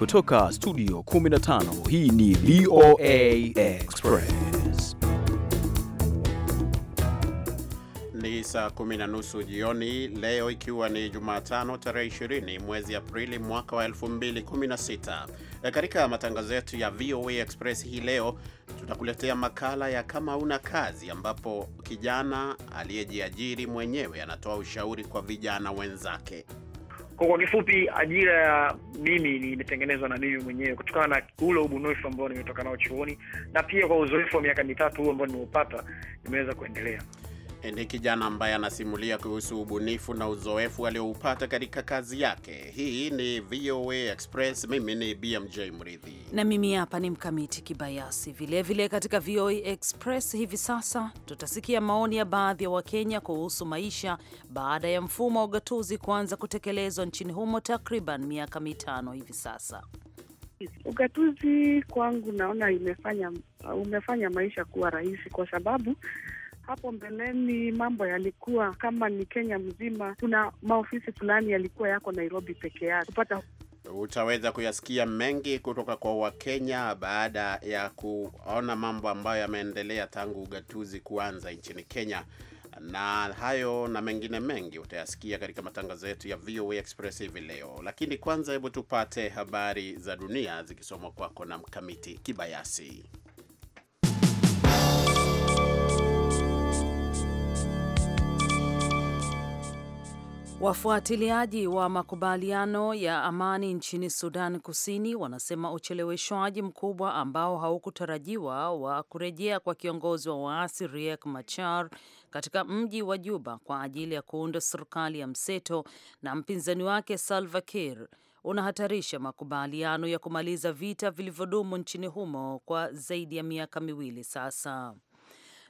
Kutoka studio 15 hii ni VOA Express. Ni saa kumi na nusu jioni leo, ikiwa ni Jumatano tarehe 20 mwezi Aprili mwaka wa 2016. E, katika matangazo yetu ya VOA Express hii leo tutakuletea makala ya kama una kazi, ambapo kijana aliyejiajiri mwenyewe anatoa ushauri kwa vijana wenzake. Kwa kwa kifupi, ajira ya mimi imetengenezwa na mimi mwenyewe kutokana na ule ubunifu ambao nimetoka nao chuoni, na pia kwa uzoefu wa miaka mitatu huu ambao nimeupata, nimeweza kuendelea ni kijana ambaye anasimulia kuhusu ubunifu na uzoefu alioupata katika kazi yake. Hii ni VOA Express. Mimi ni BMJ Mridhi na mimi hapa ni Mkamiti Kibayasi. Vilevile vile katika VOA Express hivi sasa tutasikia maoni ya baadhi ya Wakenya kuhusu maisha baada ya mfumo wa ugatuzi kuanza kutekelezwa nchini humo takriban miaka mitano hivi sasa. Ugatuzi kwangu naona imefanya umefanya maisha kuwa rahisi kwa sababu hapo mbeleni mambo yalikuwa kama ni Kenya mzima, kuna maofisi fulani yalikuwa yako Nairobi peke yake kupata Utaweza kuyasikia mengi kutoka kwa Wakenya baada ya kuona mambo ambayo yameendelea tangu ugatuzi kuanza nchini Kenya, na hayo na mengine mengi utayasikia katika matangazo yetu ya VOA Express hivi leo. Lakini kwanza, hebu tupate habari za dunia zikisomwa kwako na Mkamiti Kibayasi. Wafuatiliaji wa makubaliano ya amani nchini Sudan Kusini wanasema ucheleweshwaji mkubwa ambao haukutarajiwa wa kurejea kwa kiongozi wa waasi Riek Machar katika mji wa Juba kwa ajili ya kuunda serikali ya mseto na mpinzani wake Salva Kiir unahatarisha makubaliano ya kumaliza vita vilivyodumu nchini humo kwa zaidi ya miaka miwili sasa.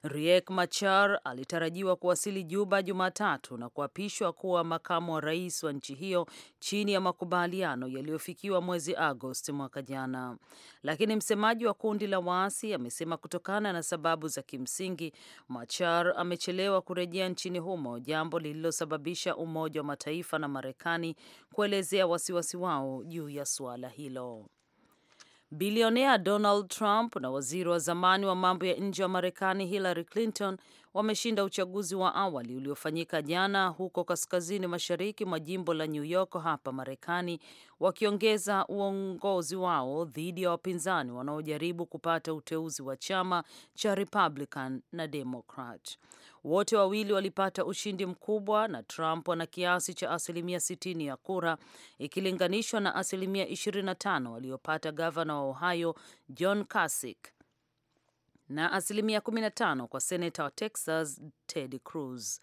Riek Machar alitarajiwa kuwasili Juba Jumatatu na kuapishwa kuwa makamu wa rais wa nchi hiyo chini ya makubaliano yaliyofikiwa mwezi Agosti mwaka jana, lakini msemaji wa kundi la waasi amesema kutokana na sababu za kimsingi Machar amechelewa kurejea nchini humo, jambo lililosababisha Umoja wa Mataifa na Marekani kuelezea wasiwasi wao juu ya suala hilo. Bilionea Donald Trump na waziri wa zamani wa mambo ya nje wa Marekani Hillary Clinton wameshinda uchaguzi wa awali uliofanyika jana huko kaskazini mashariki mwa jimbo la New York hapa Marekani, wakiongeza uongozi wao dhidi ya wapinzani wanaojaribu kupata uteuzi wa chama cha Republican na Democrat. Wote wawili walipata ushindi mkubwa na Trump ana kiasi cha asilimia 60 ya kura ikilinganishwa na asilimia 25 aliyopata gavana wa Ohio John Kasich na asilimia 15 kwa seneta wa Texas Ted Cruz.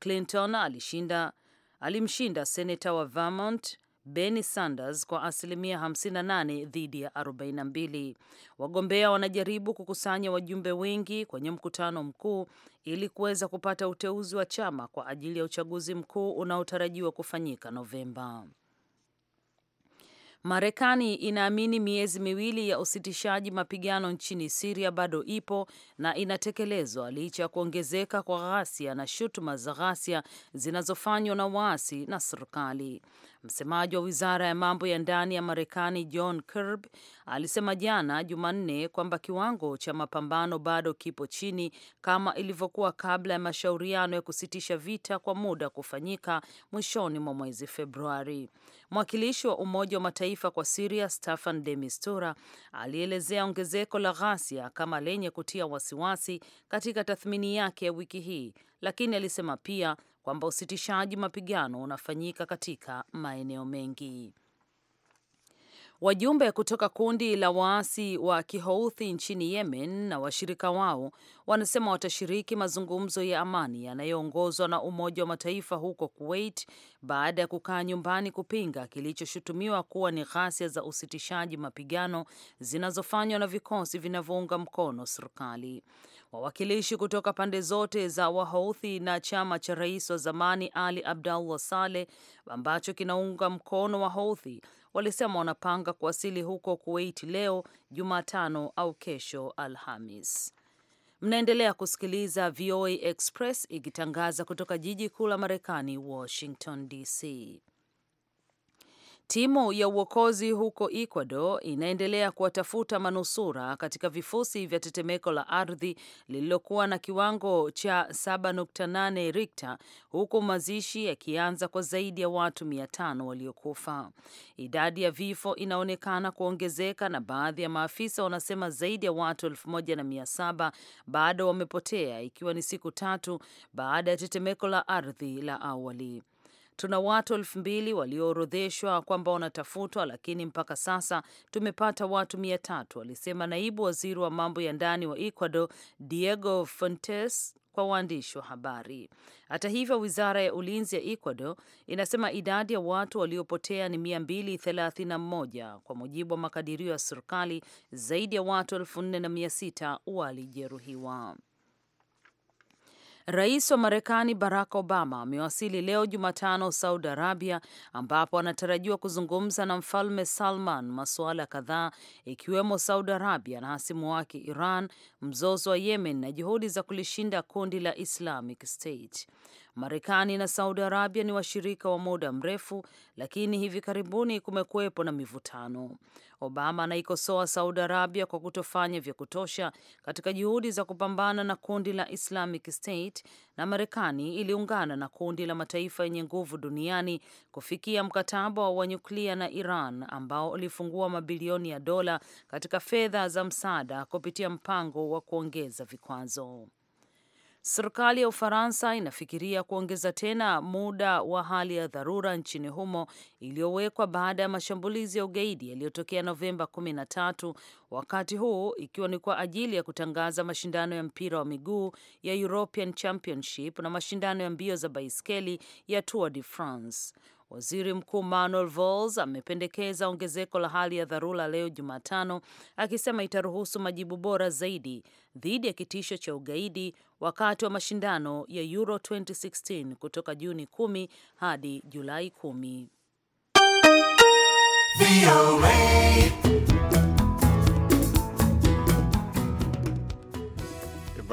Clinton alishinda, alimshinda seneta wa Vermont Bernie Sanders kwa asilimia 58 dhidi ya 42. Wagombea wanajaribu kukusanya wajumbe wengi kwenye mkutano mkuu ili kuweza kupata uteuzi wa chama kwa ajili ya uchaguzi mkuu unaotarajiwa kufanyika Novemba. Marekani inaamini miezi miwili ya usitishaji mapigano nchini Siria bado ipo na inatekelezwa licha ya kuongezeka kwa ghasia na shutuma za ghasia zinazofanywa na waasi na serikali. Msemaji wa wizara ya mambo ya ndani ya Marekani John Kirby alisema jana Jumanne kwamba kiwango cha mapambano bado kipo chini kama ilivyokuwa kabla ya mashauriano ya kusitisha vita kwa muda kufanyika mwishoni mwa mwezi Februari. Mwakilishi wa Umoja wa Mataifa kwa Siria Staffan de Mistura alielezea ongezeko la ghasia kama lenye kutia wasiwasi katika tathmini yake ya wiki hii, lakini alisema pia kwamba usitishaji mapigano unafanyika katika maeneo mengi. Wajumbe kutoka kundi la waasi wa Kihouthi nchini Yemen na washirika wao wanasema watashiriki mazungumzo ya amani yanayoongozwa na Umoja wa Mataifa huko Kuwait baada ya kukaa nyumbani kupinga kilichoshutumiwa kuwa ni ghasia za usitishaji mapigano zinazofanywa na vikosi vinavyounga mkono serikali. Wawakilishi kutoka pande zote za Wahouthi na chama cha rais wa zamani Ali Abdallah Saleh ambacho kinaunga mkono Wahouthi walisema wanapanga kuwasili huko Kuwait leo Jumatano au kesho Alhamis. Mnaendelea kusikiliza VOA Express ikitangaza kutoka jiji kuu la Marekani, Washington DC. Timu ya uokozi huko Ecuador inaendelea kuwatafuta manusura katika vifusi vya tetemeko la ardhi lililokuwa na kiwango cha 7.8 Richter, huku mazishi yakianza kwa zaidi ya watu 500 waliokufa. Idadi ya vifo inaonekana kuongezeka na baadhi ya maafisa wanasema zaidi ya watu 1700 bado wamepotea, ikiwa ni siku tatu baada ya tetemeko la ardhi la awali. Tuna watu elfu mbili walioorodheshwa kwamba wanatafutwa, lakini mpaka sasa tumepata watu mia tatu, alisema naibu waziri wa mambo ya ndani wa Ecuador Diego Fontes kwa waandishi wa habari. Hata hivyo, wizara ya ulinzi ya Ecuador inasema idadi ya watu waliopotea ni 231. Kwa mujibu wa makadirio ya serikali, zaidi ya watu 4600 walijeruhiwa. Rais wa Marekani Barack Obama amewasili leo Jumatano Saudi Arabia, ambapo anatarajiwa kuzungumza na Mfalme Salman masuala kadhaa, ikiwemo Saudi Arabia na hasimu wake Iran, mzozo wa Yemen na juhudi za kulishinda kundi la Islamic State. Marekani na Saudi Arabia ni washirika wa muda mrefu, lakini hivi karibuni kumekuwepo na mivutano. Obama anaikosoa Saudi Arabia kwa kutofanya vya kutosha katika juhudi za kupambana na kundi la Islamic State, na Marekani iliungana na kundi la mataifa yenye nguvu duniani kufikia mkataba wa nyuklia na Iran ambao ulifungua mabilioni ya dola katika fedha za msaada kupitia mpango wa kuongeza vikwazo. Serikali ya Ufaransa inafikiria kuongeza tena muda wa hali ya dharura nchini humo iliyowekwa baada ya mashambulizi ya ugaidi yaliyotokea Novemba 13, wakati huu ikiwa ni kwa ajili ya kutangaza mashindano ya mpira wa miguu ya European Championship na mashindano ya mbio za baiskeli ya Tour de France. Waziri Mkuu Manuel Valls amependekeza ongezeko la hali ya dharura leo Jumatano, akisema itaruhusu majibu bora zaidi dhidi ya kitisho cha ugaidi wakati wa mashindano ya Euro 2016 kutoka Juni 10 hadi Julai 10.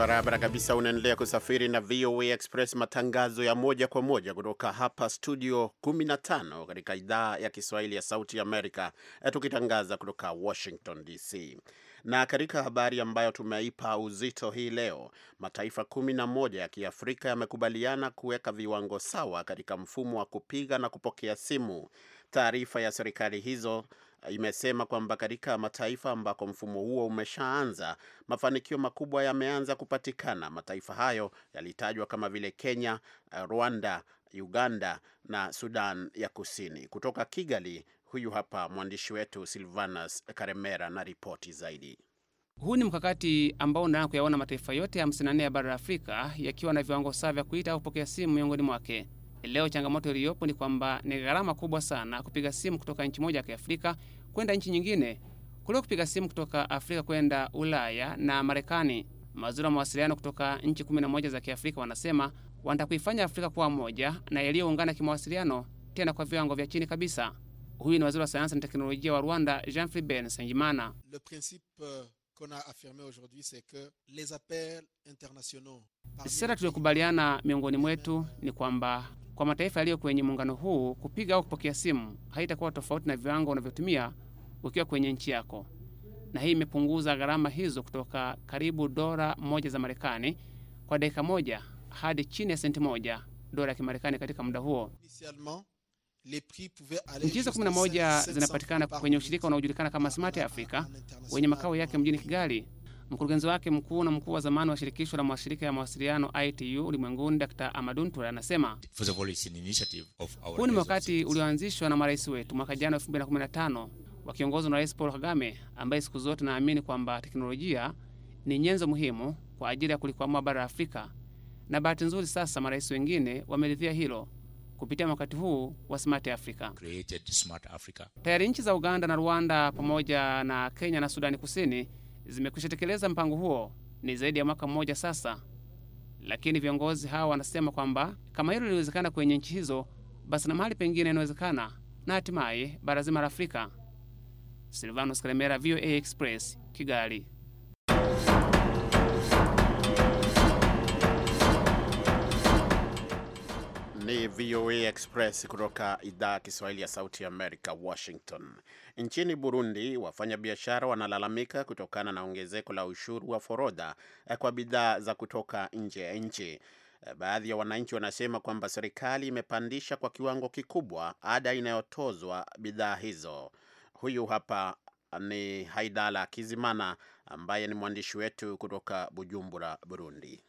Barabara kabisa, unaendelea kusafiri na VOA Express, matangazo ya moja kwa moja kutoka hapa studio 15 katika idhaa ya Kiswahili ya Sauti Amerika, eh, tukitangaza kutoka Washington DC. Na katika habari ambayo tumeipa uzito hii leo, mataifa kumi na moja ya Kiafrika yamekubaliana kuweka viwango sawa katika mfumo wa kupiga na kupokea simu. Taarifa ya serikali hizo imesema kwamba katika mataifa ambako mfumo huo umeshaanza, mafanikio makubwa yameanza kupatikana. Mataifa hayo yalitajwa kama vile Kenya, eh, Rwanda, Uganda na Sudan ya Kusini. Kutoka Kigali, huyu hapa mwandishi wetu Silvanus Karemera na ripoti zaidi. Huu ni mkakati ambao unaanza kuyaona mataifa yote 54 ya bara la Afrika yakiwa na viwango sawa vya kuita au kupokea simu miongoni mwake. Leo changamoto iliyopo ni kwamba ni gharama kubwa sana kupiga simu kutoka nchi moja ya Kiafrika kwenda nchi nyingine kuliko kupiga simu kutoka Afrika kwenda Ulaya na Marekani. Mawaziri wa mawasiliano kutoka nchi 11 za Kiafrika wanasema wanataka kuifanya Afrika kuwa moja na iliyoungana kimawasiliano, tena kwa viwango vya chini kabisa. Huyu ni waziri wa sayansi na teknolojia wa Rwanda, Jean Philbert Nsengimana. Sera tuliyokubaliana miongoni mwetu ni kwamba kwa mataifa yaliyo kwenye muungano huu, kupiga au kupokea simu haitakuwa tofauti na viwango unavyotumia ukiwa kwenye nchi yako, na hii imepunguza gharama hizo kutoka karibu dola moja za Marekani kwa dakika moja hadi chini ya senti moja dola ya Kimarekani katika muda huo. Nchi hizo moja zinapatikana kwenye ushirika unaojulikana kama Smart Africa wenye makao yake mjini Kigali. Mkurugenzi wake mkuu na mkuu wa zamani wa shirikisho la mashirika ya mawasiliano ITU ulimwenguni Dr. Amadou anasema huu ni wakati ulioanzishwa na marais wetu mwaka jana 2015 wakiongozwa na Rais Paul Kagame, ambaye siku zote naamini kwamba teknolojia ni nyenzo muhimu kwa ajili ya kulikwamua bara la Afrika, na bahati nzuri sasa marais wengine wameridhia hilo kupitia wakati huu wa Smart Africa. Tayari nchi za Uganda na Rwanda pamoja na Kenya na Sudani Kusini zimekwisha tekeleza mpango huo ni zaidi ya mwaka mmoja sasa, lakini viongozi hawa wanasema kwamba kama hilo liliwezekana kwenye nchi hizo, basi na mahali pengine inawezekana na hatimaye bara zima la Afrika. Silvanus Kalemera, VOA Express, Kigali. Ni VOA Express kutoka idhaa ya Kiswahili ya Sauti ya Amerika, Washington. Nchini Burundi, wafanyabiashara wanalalamika kutokana na ongezeko la ushuru wa forodha eh, kwa bidhaa za kutoka nje ya nchi. Eh, baadhi ya wananchi wanasema kwamba serikali imepandisha kwa kiwango kikubwa ada inayotozwa bidhaa hizo. Huyu hapa ni Haidala Kizimana ambaye ni mwandishi wetu kutoka Bujumbura, Burundi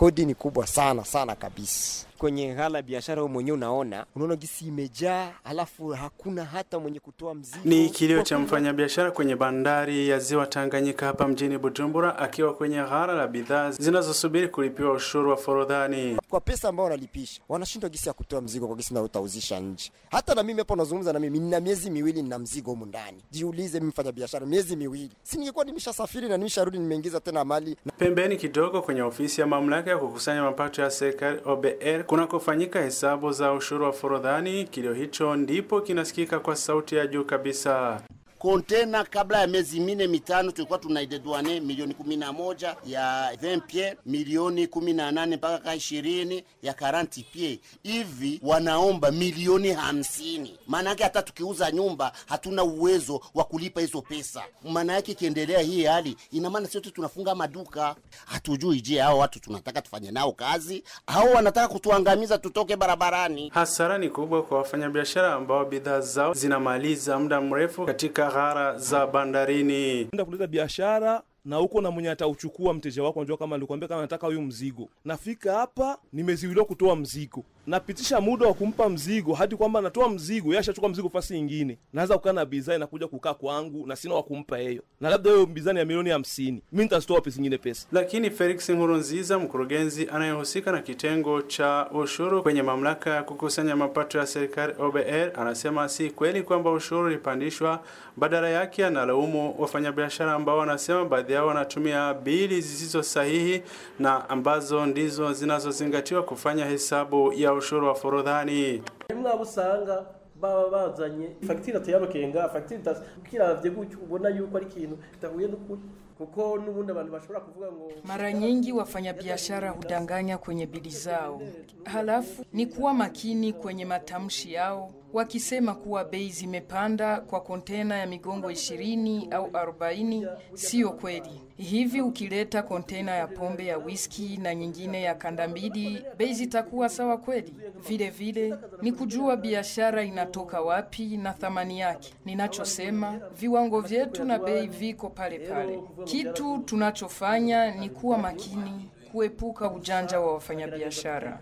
kodi ni kubwa sana sana kabisa kwenye hala biashara wewe mwenyewe unaona, unaona gisi imejaa, alafu hakuna hata mwenye kutoa mzigo. Ni kilio cha mfanyabiashara kwenye bandari ya ziwa Tanganyika hapa mjini Bujumbura, akiwa kwenye ghala la bidhaa zinazosubiri kulipiwa ushuru wa forodhani kwa pesa ambayo wanalipisha, wanashindwa gisi ya kutoa mzigo kwa gisi na utauzisha nje. Hata na mimi hapo nazungumza na mimi, nina miezi miwili nina mzigo humu ndani. Jiulize, mimi mfanya biashara miezi miwili, si ningekuwa nimeshasafiri na nimesharudi nimeingiza tena mali. Pembeni kidogo kwenye ofisi ya mamlaka ya kukusanya mapato ya serikali OBR kunakofanyika hesabu za ushuru wa forodhani, kilio hicho ndipo kinasikika kwa sauti ya juu kabisa kontena kabla ya miezi mine mitano tulikuwa tuna idedwane milioni kumi na moja ya vempie milioni kumi na nane mpaka ka ishirini ya karanti pie hivi wanaomba milioni hamsini. Maana yake hata tukiuza nyumba hatuna uwezo wa kulipa hizo pesa. Maana yake ikiendelea hii hali, ina maana sote tunafunga maduka. Hatujui, je, hao watu tunataka tufanye nao kazi au wanataka kutuangamiza tutoke barabarani? Hasara ni kubwa kwa wafanyabiashara ambao bidhaa zao zinamaliza muda mrefu katika ghara za bandarini. Enda kuleta biashara na huko na mwenye atauchukua mteja wako, najua kama alikwambia kama nataka huyu mzigo, nafika hapa nimeziwiliwa kutoa mzigo napitisha muda wa kumpa mzigo hadi kwamba natoa mzigo, yashachukua mzigo fasi nyingine. Naweza kukaa na bidhaa inakuja kukaa kwangu na sina wa kumpa hiyo na labda hiyo bidhaa ya milioni hamsini, mimi nitazitoa wapi zingine pesa? Lakini Felix Nkurunziza, mkurugenzi anayehusika na kitengo cha ushuru kwenye mamlaka ya kukusanya mapato ya serikali OBR, anasema si kweli kwamba ushuru ulipandishwa. Badala yake analaumu wafanyabiashara ambao wanasema baadhi yao wanatumia bili zisizo sahihi na ambazo ndizo zinazozingatiwa kufanya hesabu ya ushuru wa forodani mwaba usanga baba bazanye fagitire tuyabakenga fagitire utakiravye gutyo ubona yuko ari ikintu bidahuye n'ukuri kuko n'ubundi abantu bashobora kuvuga ngo mara nyingi wafanyabiashara hudanganya kwenye bidii zao, halafu ni kuwa makini kwenye matamshi yao wakisema kuwa bei zimepanda kwa kontena ya migongo ishirini au arobaini. Siyo kweli. Hivi ukileta kontena ya pombe ya whisky na nyingine ya mbili bei zitakuwa sawa kweli? Vile vile ni kujua biashara inatoka wapi na thamani yake. Ninachosema, viwango vyetu na bei viko pale pale. Kitu tunachofanya ni kuwa makini kuepuka ujanja wa wafanyabiashara.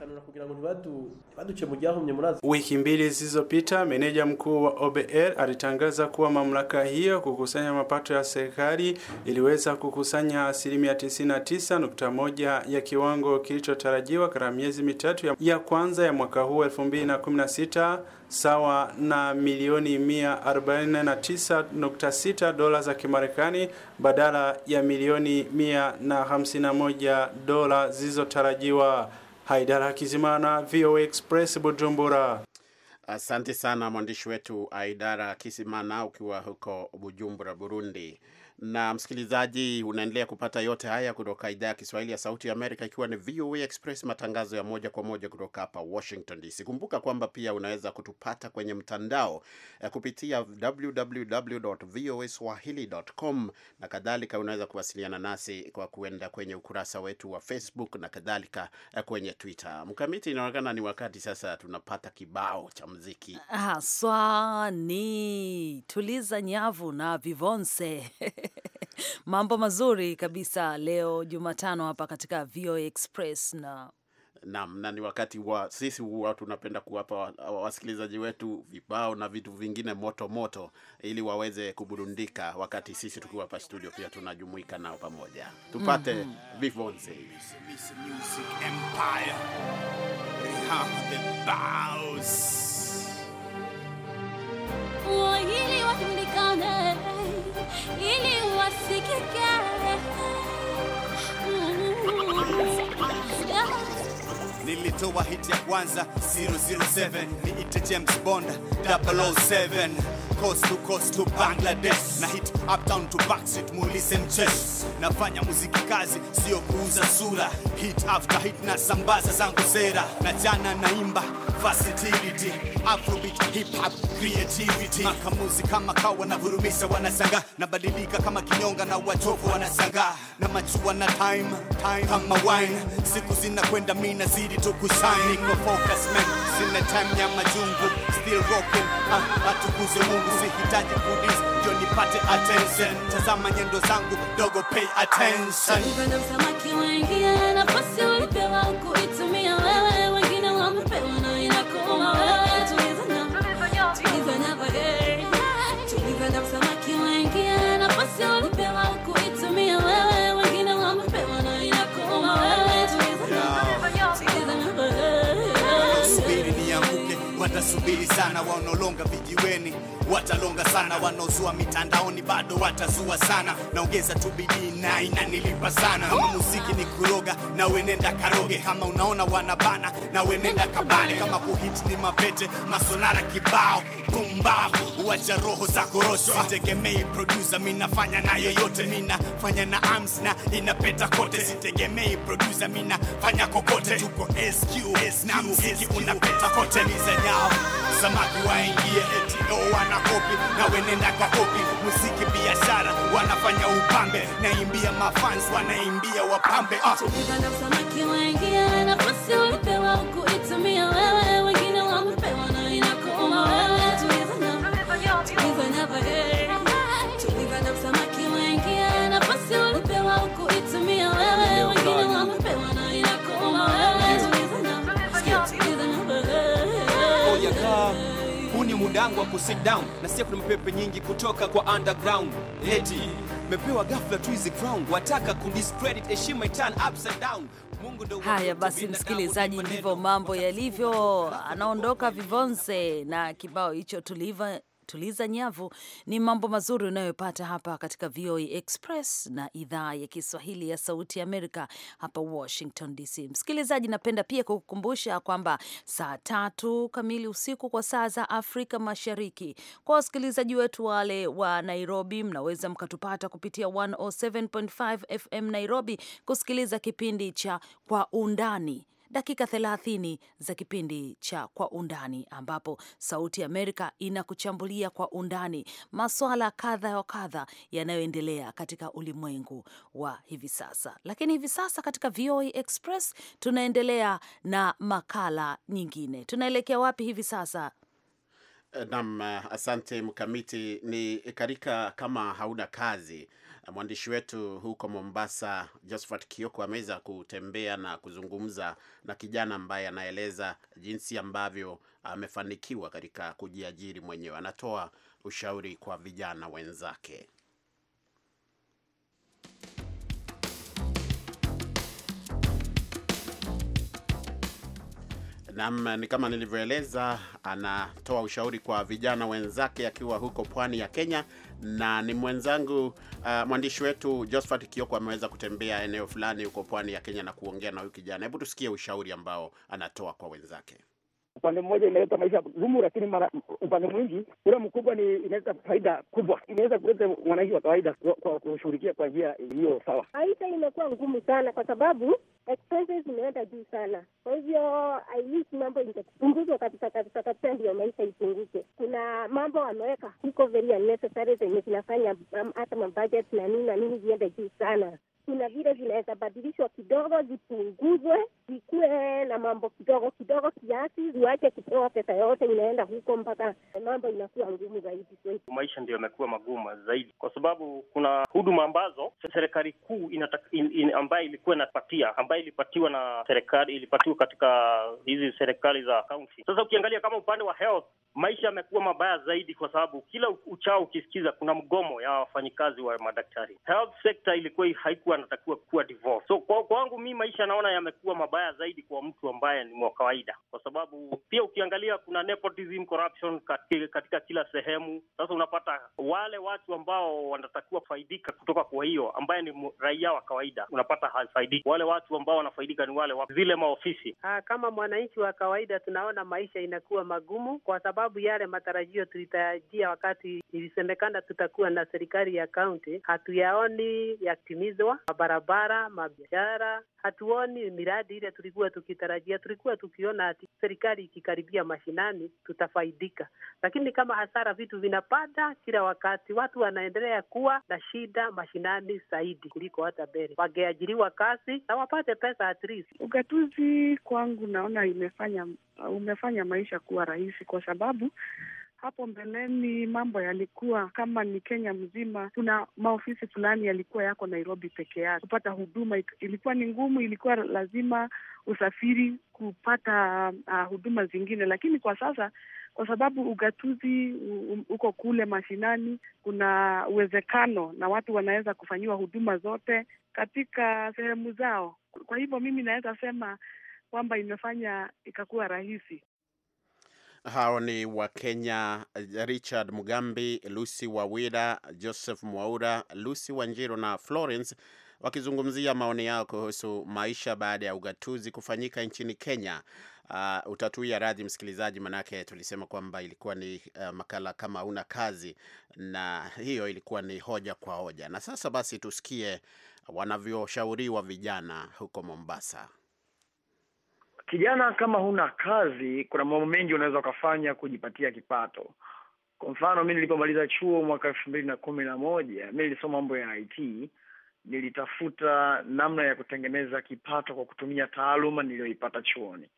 Wiki mbili zilizopita, meneja mkuu wa OBR alitangaza kuwa mamlaka hiyo kukusanya mapato ya serikali iliweza kukusanya asilimia 99.1 ya kiwango kilichotarajiwa katika miezi mitatu ya kwanza ya mwaka huu 2016 sawa na milioni 149.6 dola za Kimarekani badala ya milioni 151 dola zilizotarajiwa. Haidara Kizimana, VOA Express, Bujumbura. Asante sana mwandishi wetu Aidara Kisimana ukiwa huko Bujumbura, Burundi na msikilizaji, unaendelea kupata yote haya kutoka idhaa ya Kiswahili ya Sauti ya Amerika, ikiwa ni VOA Express, matangazo ya moja kwa moja kutoka hapa Washington DC. Kumbuka kwamba pia unaweza kutupata kwenye mtandao eh, kupitia www.voaswahili.com na kadhalika. Unaweza kuwasiliana nasi kwa kuenda kwenye ukurasa wetu wa Facebook na kadhalika, eh, kwenye Twitter. Mkamiti, inaonekana ni wakati sasa tunapata kibao cha mziki haswa. Ni tuliza nyavu na Vivonse Mambo mazuri kabisa leo Jumatano hapa katika VOA Express na nam na ni wakati wa sisi huwa tunapenda kuwapa wasikilizaji wetu vibao na vitu vingine moto moto, ili waweze kuburundika wakati sisi tukiwa hapa studio, pia tunajumuika nao pamoja. Tupate mm -hmm. Nilitoa hit ya kwanza 007 ite James Bond 007 coast to coast to Bangladesh na hit uptown to backstreet mulise mchesh. Nafanya muziki kazi, sio kuuza sura. Hit after hit na sambaza zangu sera na jana naimba versatility afrobeat hip hop creativity maka makamuzi kama kawa na vurumisa wanasanga na badilika kama kinyonga na watofu wanasanga na machua na time, time kama wine siku zinakwenda mi nazidi to kushine niko focus man sina time ya majungu still rocking ah, atukuze mungu sihitaji kudis ndio nipate attention tazama nyendo zangu dogo pay attention Even samaki wengi nafasi ulipewa ukuri vijana wao no longa vijiweni watalonga sana, wanaozua mitandaoni bado watazua sana, naongeza tu bidii na inanilipa sana. muziki ni kuroga, na wenenda karoge. Kama unaona wanabana, na wenenda kabane. Kama kuhit ni mapete, masonara kibao, pumbavu, wacha roho za korosho. Sitegemei producer, mi nafanya na yoyote, mi nafanya na arms na inapeta kote. Sitegemei producer, mi nafanya kokote, tuko SQ, na muziki unapeta kote. Liza nyao samaki waingie eti leo wanakopi na wenenda kwa kopi, muziki biashara, wanafanya upambe, naimbia mafans, wanaimbia wapambe uh. mlango wa kusit down na sio, kuna mapepe nyingi kutoka kwa underground leti mepewa ghafla tu hizi crown, wataka kudiscredit heshima itan upside down. Haya basi, msikilizaji, ndivyo mambo yalivyo. Anaondoka Vivonse na kibao hicho tuliva kutuliza nyavu ni mambo mazuri unayopata hapa katika VOA e Express na idhaa ya Kiswahili ya Sauti ya Amerika hapa Washington DC. Msikilizaji, napenda pia kukukumbusha kwamba saa tatu kamili usiku kwa saa za Afrika Mashariki, kwa wasikilizaji wetu wale wa Nairobi, mnaweza mkatupata kupitia 107.5 FM Nairobi kusikiliza kipindi cha Kwa Undani dakika 30 za kipindi cha Kwa Undani, ambapo Sauti Amerika inakuchambulia kwa undani maswala kadha wa kadha yanayoendelea katika ulimwengu wa hivi sasa. Lakini hivi sasa katika VOA Express tunaendelea na makala nyingine. Tunaelekea wapi hivi sasa? Eh, nam eh, asante Mkamiti. Ni katika kama hauna kazi, eh, mwandishi wetu huko Mombasa Josephat Kioko ameweza kutembea na kuzungumza na kijana ambaye anaeleza jinsi ambavyo amefanikiwa katika kujiajiri mwenyewe. Anatoa ushauri kwa vijana wenzake. Nam ni kama nilivyoeleza, anatoa ushauri kwa vijana wenzake akiwa huko pwani ya Kenya, na ni mwenzangu uh, mwandishi wetu Josephat Kioko ameweza kutembea eneo fulani huko pwani ya Kenya na kuongea na huyu kijana. Hebu tusikie ushauri ambao anatoa kwa wenzake upande mmoja inaleta maisha gumu, lakini mara upande mwingi ule mkubwa ni inaleta faida kubwa, inaweza kuleta mwananchi wa kawaida kwa kushughulikia kwa njia iliyo sawa. Maisha imekuwa ngumu sana, kwa sababu expenses zimeenda juu sana. Kwa hivyo ailishi mambo ingepunguzwa kabisa kabisa kabisa, ndiyo maisha ipunguke. Kuna mambo wameweka huko very unnecessary zenye zinafanya um, hata mabudget na nini na nini ziende juu sana kuna vile zinaweza badilishwa kidogo, zipunguzwe, zikuwe na mambo kidogo kidogo kiasi, ziwache kupewa pesa yote inaenda huko mpaka mambo inakuwa ngumu zaidi. Maisha ndio yamekuwa magumu zaidi, kwa sababu kuna huduma ambazo serikali kuu in, in, ambayo ilikuwa inapatia ambayo ilipatiwa na serikali ilipatiwa katika hizi serikali za kaunti. Sasa ukiangalia kama upande wa health, maisha yamekuwa mabaya zaidi, kwa sababu kila uchao ukisikiza kuna mgomo ya wafanyikazi wa madaktari. Health sector ilikuwa haikuwa anatakiwa kuwa divorce. So kwa kwangu mi maisha naona yamekuwa mabaya zaidi kwa mtu ambaye ni wa kawaida, kwa sababu pia ukiangalia kuna nepotism, corruption katika, katika kila sehemu. Sasa unapata wale watu ambao wanatakiwa faidika kutoka kwa hiyo ambaye ni raia wa kawaida, unapata hafaidiki. Wale watu ambao wanafaidika ni wale wa zile maofisi. Ha, ah, kama mwananchi wa kawaida tunaona maisha inakuwa magumu kwa sababu yale matarajio tulitarajia wakati ilisemekana tutakuwa na serikali ya kaunti, hatuyaoni yatimizwa, mabarabara, mabiashara, hatuoni miradi ile tulikuwa tukitarajia. Tulikuwa tukiona ati serikali ikikaribia mashinani tutafaidika, lakini kama hasara, vitu vinapanda kila wakati, watu wanaendelea kuwa na shida mashinani zaidi kuliko hata mbele. Wangeajiriwa kazi na wapate pesa at least. Ugatuzi kwangu naona imefanya umefanya maisha kuwa rahisi kwa sababu hapo mbeleni mambo yalikuwa kama ni Kenya mzima, kuna maofisi fulani yalikuwa yako Nairobi peke yake. Kupata huduma ilikuwa ni ngumu, ilikuwa lazima usafiri kupata uh, huduma zingine, lakini kwa sasa kwa sababu ugatuzi uko kule mashinani, kuna uwezekano na watu wanaweza kufanyiwa huduma zote katika sehemu zao. Kwa hivyo mimi naweza sema kwamba imefanya ikakuwa rahisi. Hao ni Wakenya eh, Richard Mugambi, Lucy Wawira, Joseph Mwaura, Lucy Wanjiro na Florence wakizungumzia maoni yao kuhusu maisha baada ya ugatuzi kufanyika nchini Kenya. Uh, utatuia radhi msikilizaji, manake tulisema kwamba ilikuwa ni uh, makala kama una kazi, na hiyo ilikuwa ni hoja kwa hoja. Na sasa basi tusikie wanavyoshauriwa vijana huko Mombasa. Kijana, kama huna kazi, kuna mambo mengi unaweza ukafanya kujipatia kipato. Kwa mfano, mi nilipomaliza chuo mwaka elfu mbili na kumi na moja mi nilisoma mambo ya IT. Nilitafuta namna ya kutengeneza kipato kwa kutumia taaluma niliyoipata chuoni.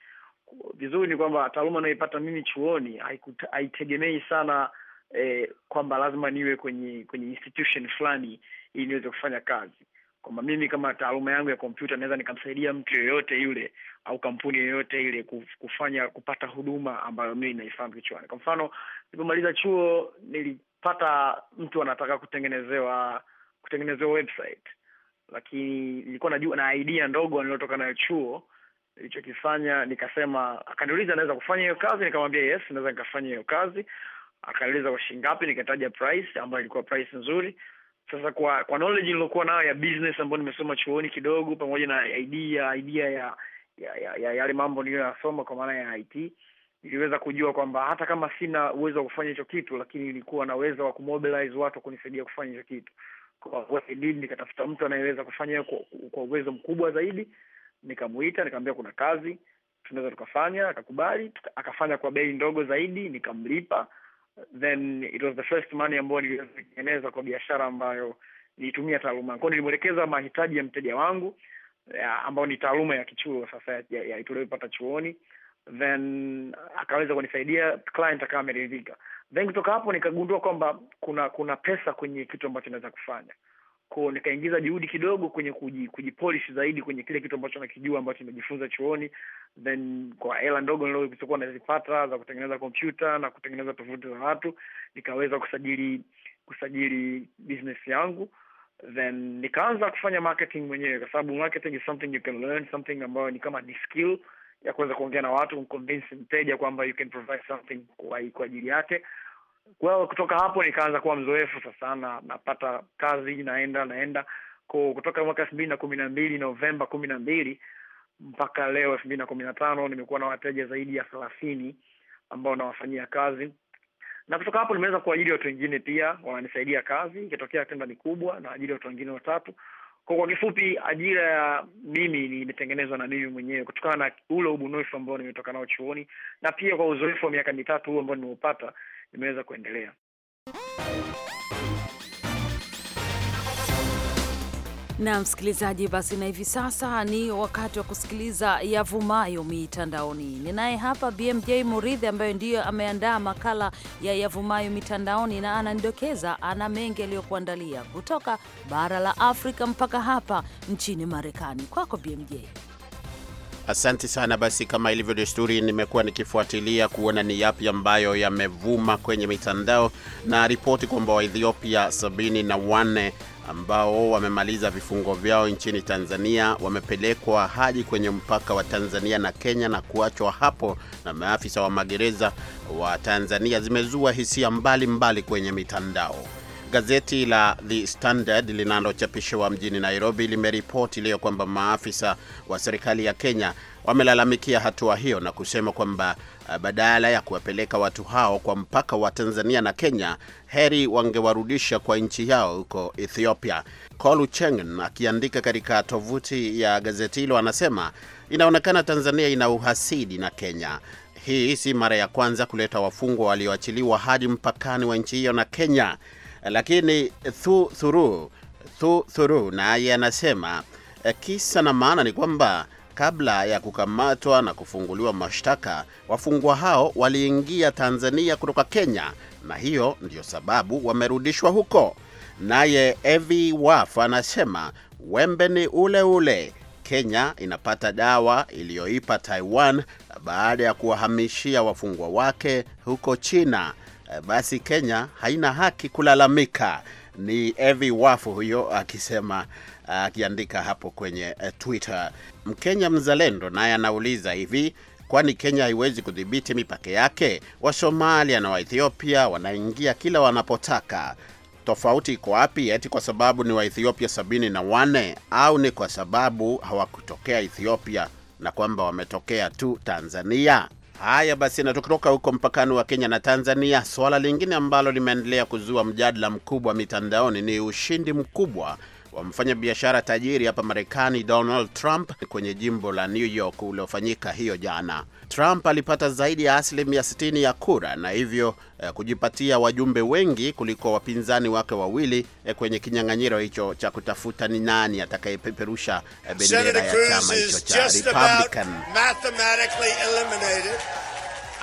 Vizuri ni kwamba taaluma ninayoipata mimi chuoni haitegemei sana eh, kwamba lazima niwe kwenye kwenye institution fulani ili niweze kufanya kazi kwamba mimi kama taaluma yangu ya kompyuta naweza nikamsaidia mtu yoyote yule au kampuni yoyote ile kufanya kupata huduma ambayo mimi naifahamu kichwani. Kwa mfano, nilipomaliza chuo nilipata mtu anataka kutengenezewa kutengenezewa website, lakini nilikuwa najua na idea ndogo niliyotoka nayo chuo. Nilichokifanya nikasema, akaniuliza naweza kufanya hiyo kazi, nikamwambia yes, naweza nikafanya hiyo kazi. Akaniuliza kwa shilingi ngapi, nikataja price ambayo ilikuwa price nzuri sasa kwa kwa knowledge niliokuwa nayo ya business ambayo nimesoma chuoni kidogo, pamoja na idea idea ya yale ya, ya, ya mambo niliyoyasoma kwa maana ya IT, niliweza kujua kwamba hata kama sina uwezo wa kufanya hicho kitu, lakini nilikuwa na uwezo wa kumobilize watu kunisaidia kufanya hicho kitu. Kwa nikatafuta mtu anayeweza kufanya hiyo kwa, kwa uwezo mkubwa zaidi, nikamuita, nikamwambia kuna kazi tunaweza tukafanya, akakubali, akafanya kwa bei ndogo zaidi, nikamlipa then it was the first money ambayo niliweza kwa biashara ambayo nilitumia taaluma yangu. Nilimwelekeza mahitaji ya mteja wangu ambayo ni taaluma ya kichuo sasa tuliopata chuoni, then akaweza kunisaidia, client akawa ameridhika. Then kutoka hapo nikagundua kwamba kuna kuna pesa kwenye kitu ambacho inaweza kufanya ko nikaingiza juhudi kidogo kwenye kujipolish zaidi kwenye kile kitu ambacho nakijua ambacho nimejifunza chuoni, then kwa hela ndogo nilizokuwa nazipata za kutengeneza kompyuta na kutengeneza tofauti za watu, nikaweza kusajili kusajili business yangu, then nikaanza kufanya marketing mwenyewe, kwa sababu marketing is something you can learn, something ambayo ni kama ni skill ya kuweza kuongea na watu, mteja kwamba you can provide something kwa ajili yake hiyo kutoka hapo nikaanza kuwa mzoefu sasa na, napata kazi naenda naenda kwa kutoka mwaka elfu mbili na kumi na mbili Novemba kumi na mbili mpaka leo elfu mbili na kumi na tano nimekuwa na wateja zaidi ya thelathini ambao nawafanyia kazi na kutoka hapo nimeweza kuajiri watu wengine pia wananisaidia kazi, ikitokea tenda ni kubwa na ajiri watu wengine watatu. Kwa kwa kifupi, ajira ya mimi imetengenezwa na mimi mwenyewe kutokana na ule ubunifu ambao nimetoka nao chuoni na pia kwa uzoefu wa miaka mitatu huo ambao nimeupata, imeweza kuendelea. Na msikilizaji, basi na hivi sasa ni wakati wa kusikiliza yavumayo mitandaoni. Ninaye hapa BMJ Muridhi ambaye ndiyo ameandaa makala ya yavumayo mitandaoni, na ananidokeza ana mengi aliyokuandalia kutoka bara la Afrika mpaka hapa nchini Marekani. Kwako BMJ. Asante sana. Basi kama ilivyo desturi, nimekuwa nikifuatilia kuona ni yapi ambayo yamevuma kwenye mitandao na ripoti kwamba Waethiopia sabini na wanne ambao wamemaliza vifungo vyao nchini Tanzania wamepelekwa hadi kwenye mpaka wa Tanzania na Kenya na kuachwa hapo na maafisa wa magereza wa Tanzania zimezua hisia mbalimbali kwenye mitandao. Gazeti la The Standard linalochapishwa mjini Nairobi limeripoti leo kwamba maafisa wa serikali ya Kenya wamelalamikia hatua hiyo na kusema kwamba uh, badala ya kuwapeleka watu hao kwa mpaka wa Tanzania na Kenya, heri wangewarudisha kwa nchi yao huko Ethiopia. Kolu Chengen akiandika katika tovuti ya gazeti hilo anasema inaonekana Tanzania ina uhasidi na Kenya. Hii si mara ya kwanza kuleta wafungwa walioachiliwa hadi mpakani wa nchi hiyo na Kenya. Lakini thu, thuru, thu, thuru naye anasema eh, kisa na maana ni kwamba kabla ya kukamatwa na kufunguliwa mashtaka wafungwa hao waliingia Tanzania kutoka Kenya, na hiyo ndiyo sababu wamerudishwa huko. Naye Evi Waf anasema wembe ni ule ule, Kenya inapata dawa iliyoipa Taiwan baada ya kuwahamishia wafungwa wake huko China. Eh, basi Kenya haina haki kulalamika. Ni Evi Wafu huyo akisema eh, akiandika hapo kwenye eh, Twitter. Mkenya mzalendo naye anauliza hivi, kwani Kenya haiwezi kudhibiti mipaka yake? Wasomalia na Waethiopia wanaingia kila wanapotaka. Tofauti iko wapi? Eti kwa sababu ni Waethiopia sabini na wane au ni kwa sababu hawakutokea Ethiopia na kwamba wametokea tu Tanzania? Haya basi, na tukitoka huko mpakani wa Kenya na Tanzania, suala lingine ambalo limeendelea kuzua mjadala mkubwa mitandaoni ni ushindi mkubwa wa mfanyabiashara tajiri hapa Marekani Donald Trump kwenye jimbo la New York uliofanyika hiyo jana. Trump alipata zaidi ya asilimia 60 ya kura na hivyo eh, kujipatia wajumbe wengi kuliko wapinzani wake wawili eh, kwenye kinyang'anyiro hicho cha kutafuta ni nani atakayepeperusha eh, bendera ya chama hicho cha Republican.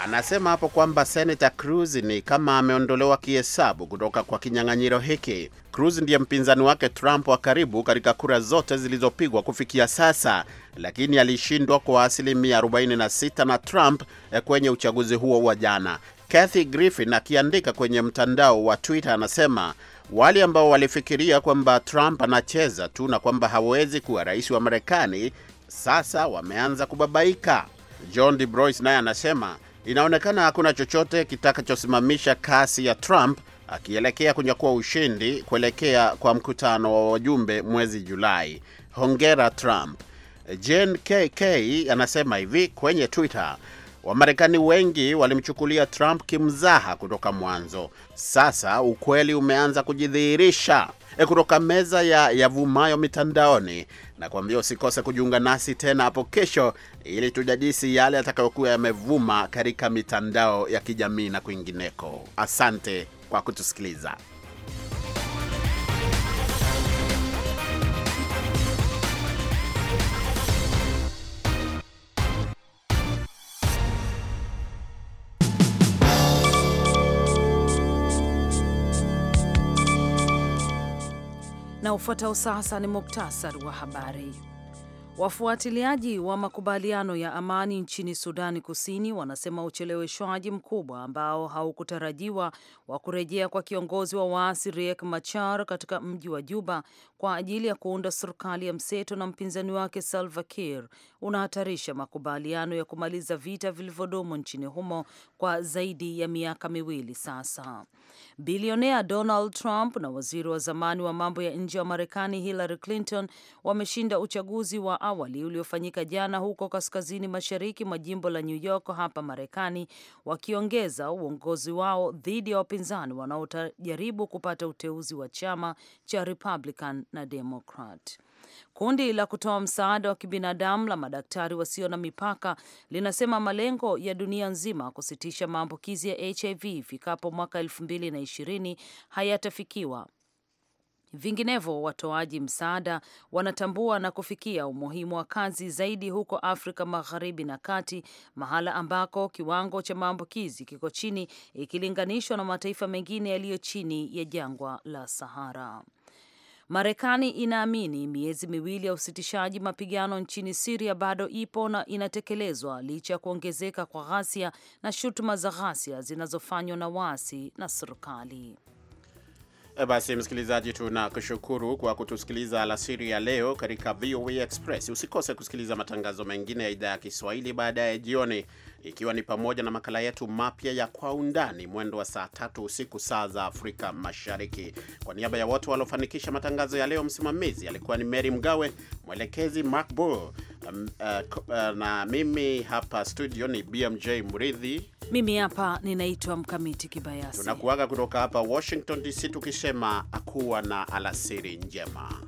Anasema hapo kwamba Senator Cruz ni kama ameondolewa kihesabu kutoka kwa kinyang'anyiro hiki. Cruz ndiye mpinzani wake Trump wa karibu katika kura zote zilizopigwa kufikia sasa, lakini alishindwa kwa asilimia 46 na Trump eh, kwenye uchaguzi huo wa jana. Kathy Griffin akiandika kwenye mtandao wa Twitter anasema wale ambao walifikiria kwamba Trump anacheza tu na kwamba hawezi kuwa rais wa Marekani sasa wameanza kubabaika. John DeBrois naye anasema Inaonekana hakuna chochote kitakachosimamisha kasi ya Trump akielekea kunyakua ushindi kuelekea kwa mkutano wa wajumbe mwezi Julai. Hongera Trump. Jen KK anasema hivi kwenye Twitter: Wamarekani wengi walimchukulia Trump kimzaha kutoka mwanzo. Sasa ukweli umeanza kujidhihirisha e kutoka meza ya yavumayo mitandaoni, na kuambia usikose kujiunga nasi tena hapo kesho, ili tujadisi yale yatakayokuwa yamevuma katika mitandao ya kijamii na kwingineko. Asante kwa kutusikiliza. Na ufuatao sasa ni muktasari wa habari. Wafuatiliaji wa makubaliano ya amani nchini Sudani Kusini wanasema ucheleweshwaji mkubwa ambao haukutarajiwa wa kurejea kwa kiongozi wa waasi Riek Machar katika mji wa Juba kwa ajili ya kuunda serikali ya mseto na mpinzani wake Salva Kiir unahatarisha makubaliano ya kumaliza vita vilivyodumu nchini humo kwa zaidi ya miaka miwili sasa. Bilionea Donald Trump na waziri wa zamani wa mambo ya nje wa Marekani Hillary Clinton wameshinda uchaguzi wa awali uliofanyika jana huko kaskazini mashariki mwa jimbo la New York hapa Marekani, wakiongeza uongozi wao dhidi ya wapinzani wanaojaribu kupata uteuzi wa chama cha Republican na Democrat. Kundi la kutoa msaada wa kibinadamu la Madaktari Wasio na Mipaka linasema malengo ya dunia nzima kusitisha maambukizi ya HIV ifikapo mwaka elfu mbili na ishirini hayatafikiwa Vinginevyo, watoaji msaada wanatambua na kufikia umuhimu wa kazi zaidi huko Afrika Magharibi na Kati, mahala ambako kiwango cha maambukizi kiko chini ikilinganishwa na mataifa mengine yaliyo chini ya jangwa la Sahara. Marekani inaamini miezi miwili ya usitishaji mapigano nchini Siria bado ipo na inatekelezwa licha ya kuongezeka kwa ghasia na shutuma za ghasia zinazofanywa na waasi na serikali. Eh, basi msikilizaji, tunakushukuru kwa kutusikiliza alasiri ya leo katika VOA Express. Usikose kusikiliza matangazo mengine ya idhaa ya Kiswahili baadaye jioni, ikiwa ni pamoja na makala yetu mapya ya Kwa Undani mwendo wa saa tatu usiku saa za Afrika Mashariki. Kwa niaba ya wote waliofanikisha matangazo ya leo, msimamizi alikuwa ni Mary Mgawe, mwelekezi Mark Bull. Um, uh, uh, na mimi hapa studio ni BMJ Mridhi. Mimi hapa ninaitwa Mkamiti Kibayasi. Tunakuaga kutoka hapa Washington DC tukisema akuwa na alasiri njema.